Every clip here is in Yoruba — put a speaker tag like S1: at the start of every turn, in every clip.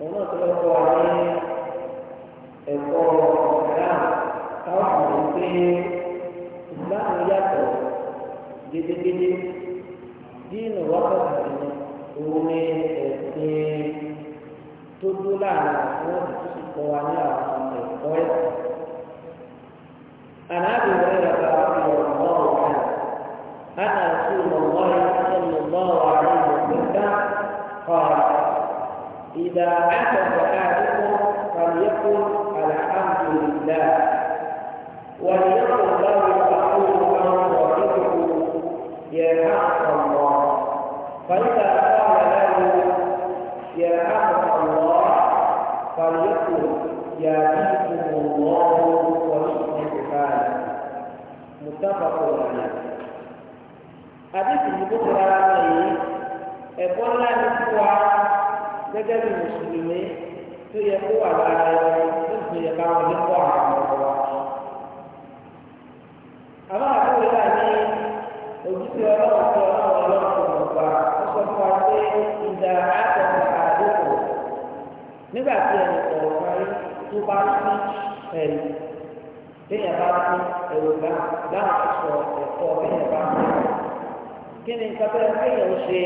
S1: òun náà tó lọ kọ́ wa ní ẹ̀kọ́ ìlànà táwọn àwọn ìpè ìlànà yàtọ̀ gédégédé dínú wákàtí ni òun ní ẹ̀sìn tó dúró láàrin àwọn ìtúsí kọ́ wa ní àwọn ẹ̀kọ́ ẹ̀sìn. عن ابي هريره رضي الله عنه ان رسول الله صلى الله عليه وسلم قال إذا أتت أحدكم فليقل الحمد لله وليقل له تقول أو صاحبه يا يرحمك الله فإذا قال له يا يرحمك الله فليقل يهديكم الله ونعم حاله متفق عليه حديث البخاري أقول لك gẹ́gẹ́ bí mùsùlùmí tó yẹ kó wà lára ẹni tó sì yẹ ká wọn nípa àwọn ọ̀rọ̀ wa.
S2: àwọn àbúrò náà ní
S1: ojúṣe ọlọ́run tó ọlọ́run ọlọ́run tó mọ̀ gbà ó sọ fún wa pé ìdá àtọ̀tọ̀ àdókò nígbà tí ẹnì kọ̀ọ̀kan tó bá sí ẹ̀rí bẹ́ẹ̀ bá sí ẹ̀rọ láwọn sọ ẹ̀kọ́ bẹ́ẹ̀ bá sí kí ni nǹkan tó yẹ kéèyàn ṣe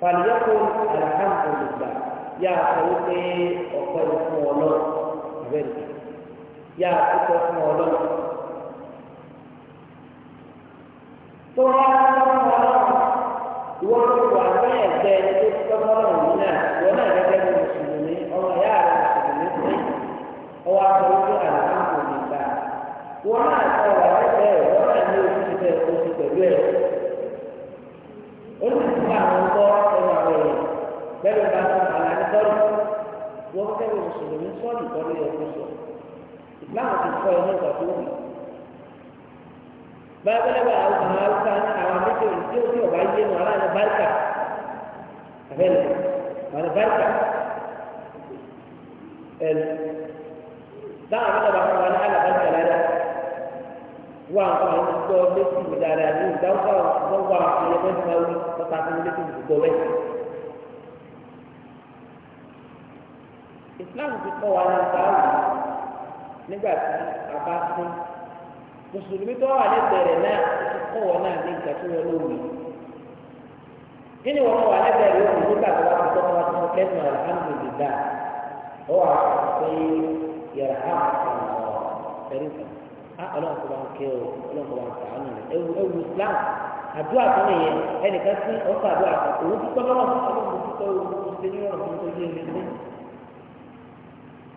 S1: fàlìyàkó àlàkà yá sọ wípé ọ̀pẹ ló fún ọ lọ abẹ́rẹ́ yá sọ fún ọ lọ. tó wá sọ fún ọ lọ ìwọ ló wà ní ẹgbẹ́ tó sọ fún ọ lọ náà ìwọ náà gẹ́gẹ́ bí mùsùlùmí ọmọ ìyá rẹ mùsùlùmí sí ọwọ́ àti wípé àlùfáà kò nígbà wọn náà sọ wà lẹ́gbẹ̀ẹ́ ìwọ náà ní oṣù tí bẹ́ẹ̀ oṣù pẹ̀lú ẹ̀
S2: ó sì fún àwọn ọkọ ẹnu àwọn èèyàn bẹ́ẹ̀ bá fún àwọn agbọ́rọ̀
S1: wọ́n kẹ́rù mùsùlùmí sọ́ọ̀lù kọ́lé ẹ̀kọ́ sọ ìsìláàmù ti kọ́ ẹ̀ nígbà tó wù. bábẹ́lẹ́bà àwọn haúsá ní àwọn méjèèjì tí ó ti ọ̀bá yé nu aláàánú báríkà abẹ́lẹ̀ àwọn báríkà ẹ̀lú dáhùn mẹ́tàbà fún wa ní alábàríkà lára wọ́n àwọn àwọn gbọ́ létí mi dáadáa ní ìdáwọ́ islam ti kọ́ wa ní báyìí nígbà tí a bá fún mùsùlùmí tó wà lẹ́gbẹ̀rẹ̀ náà ti kọ́ wọn náà ní ìgbà tí wọ́n lò wí. kí ni wà ọ wà pé yàrá ọlọ́run kò bá ń o ọlọ́run kò bá ń islam àdúrà nìyẹn ẹnìkan sí ọ̀sán àdúrà kan òun ti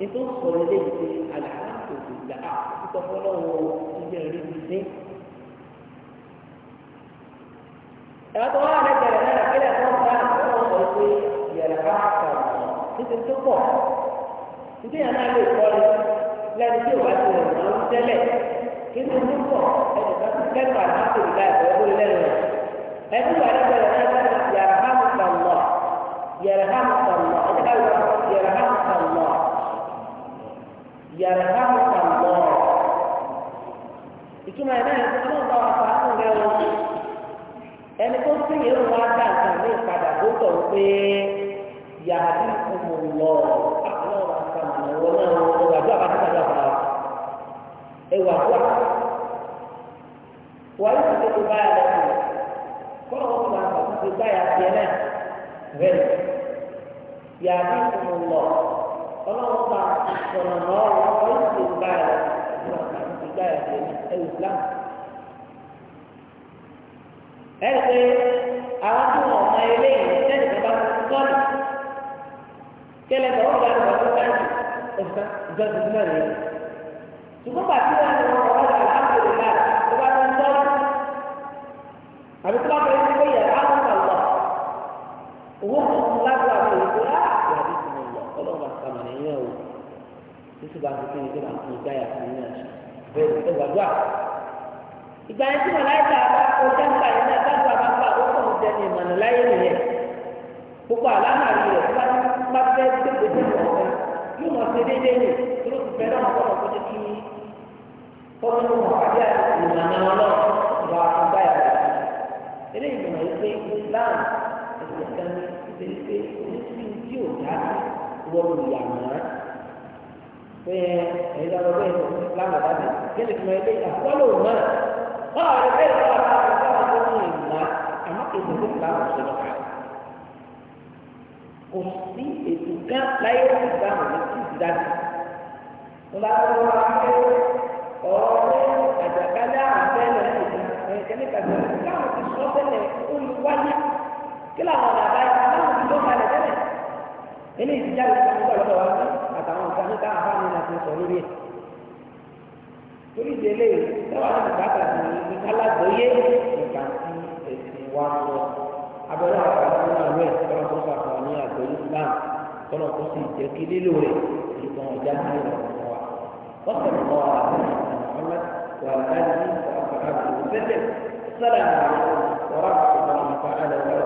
S1: nítorí sọ̀rọ̀ lè ṣe àlàyé òkè ìgbà àtúntò fọlọ́wọ́ ilé rí ti dín. ẹ̀rọ tó wà lẹ́gbẹ̀ẹ́ rẹ̀ náà kílẹ̀ tó ń bá àwọn ọ̀rọ̀ pé yẹ̀rẹ̀ bá kàn nítorí tó pọ̀ nítorí yẹn náà lè kọ́ ni lẹ́nu tí ò bá ti rẹ̀ lọ́wọ́ tẹ́lẹ̀ nítorí tó pọ̀ ẹ̀rọ bá ti kẹ́kọ̀ọ́ àtúntò ìgbà ìgbà lẹ́nu rẹ̀ ẹ̀rọ tó wà yàrá káwọn kà lọ. ìtumọ̀ ẹ̀ náà yẹn tó ń bá wa fa àwọn rẹ̀ o.
S2: ẹni tó ń sèyí ń wá dá nǹkan ní ìpadà tó tọ̀
S1: pé yàrá bí kò mọ̀ lọ. àwọn ọ̀rọ̀ àti àwọn ọ̀rọ̀ náà wọ́n wà tó àbájáde àjọ àbá wa.
S2: ẹ wà tó àbá. wọ́n yóò fi tó báyà lẹ́nu. kọ́ọ̀ wọn kò máa bá tó báyà tiẹ̀ náà. bẹ́ẹ̀
S1: yàrá bí kò mọ̀ lọ. ọlọ́run bá sọ̀rọ̀ náà الكافر الإسلام
S2: ẹgbẹ́ àwọn ọmọ ilé ìtẹ́sí bá sọ́ọ̀nù kẹlẹ́ bá wọ́n bá lọ́wọ́ tó káàdì ọ̀sán ìjọba náà rẹ̀
S1: ṣùgbọ́n bàtí wọ́n ti wọ́n wọ́n wà láàbùrù náà tó bá tó ń sọ́ọ̀nù àbí tó bá tó ń gbé yàrá àwọn ọmọ lọ
S2: owó tuntun lágbo àwọn òyìnbó rà yàrá
S1: ìtumọ̀ lọ ọlọ́run àti àmàlẹ́yìn náà wò títí bá ti kéde tó bá ti gbá yàrá ìtumọ̀ náà ṣe. bẹ́ẹ̀ ẹ gbàdúrà.
S2: ìgbà yẹn tí màláìka bá kó sẹ́ńtà yẹn náà gbàdúrà bá gbà ó kàn jẹ́ ní ìmọ̀nà láyé nìyẹn. gbogbo àlámà rẹ̀ bá bá fẹ́ gbèsè sí ọ̀gá yóò mọ̀ sí déédéé nì tó ló ti fẹ́ náà kọ́ ọ̀kọ́ tó kí fọ́nrán mọ̀ àbí ìlànà ọlọ́ọ̀ ìwà àgbà yàrá.
S1: eléyìí mọ̀ wípé Islam ẹ̀sìn pé ẹ̀yin lọ́wọ́ bẹ́ẹ̀ ló ń lámà dájú kí ni kìlọ̀ ilé àkọlù mọ́ báwo ni bẹ́ẹ̀ lọ́wọ́ bá ti sábà tó ní ìlà àmọ́ ètò tó kìlọ̀ àwọn ọ̀ṣọ́ lọ́kà kò sí ètò gán láyé ìgbà wọn ní kí ìdájú. Mo bá wọ́n wá pé àti sọ lórí ẹ̀ torí ìdílé ìtawà bàtà ní ìkálágbóyè nípa tí ẹ̀sìn wa sọ abẹ́rẹ́ àkàtà náà rẹ̀ tọ́lá tó sàkọ́ ní àgbẹ̀lú islam tọ́lá tó sì jẹ́ kí lílo rẹ̀ ìtàn ọjà ní ìrọ̀lẹ́ wa wọ́n sọ̀rọ̀ mọ́ wa àti muhammad wa aláàbí wa àbàkàbí ìfẹ́fẹ́ sálàmù àwọn ọ̀rọ̀ àti ọ̀rọ̀ àti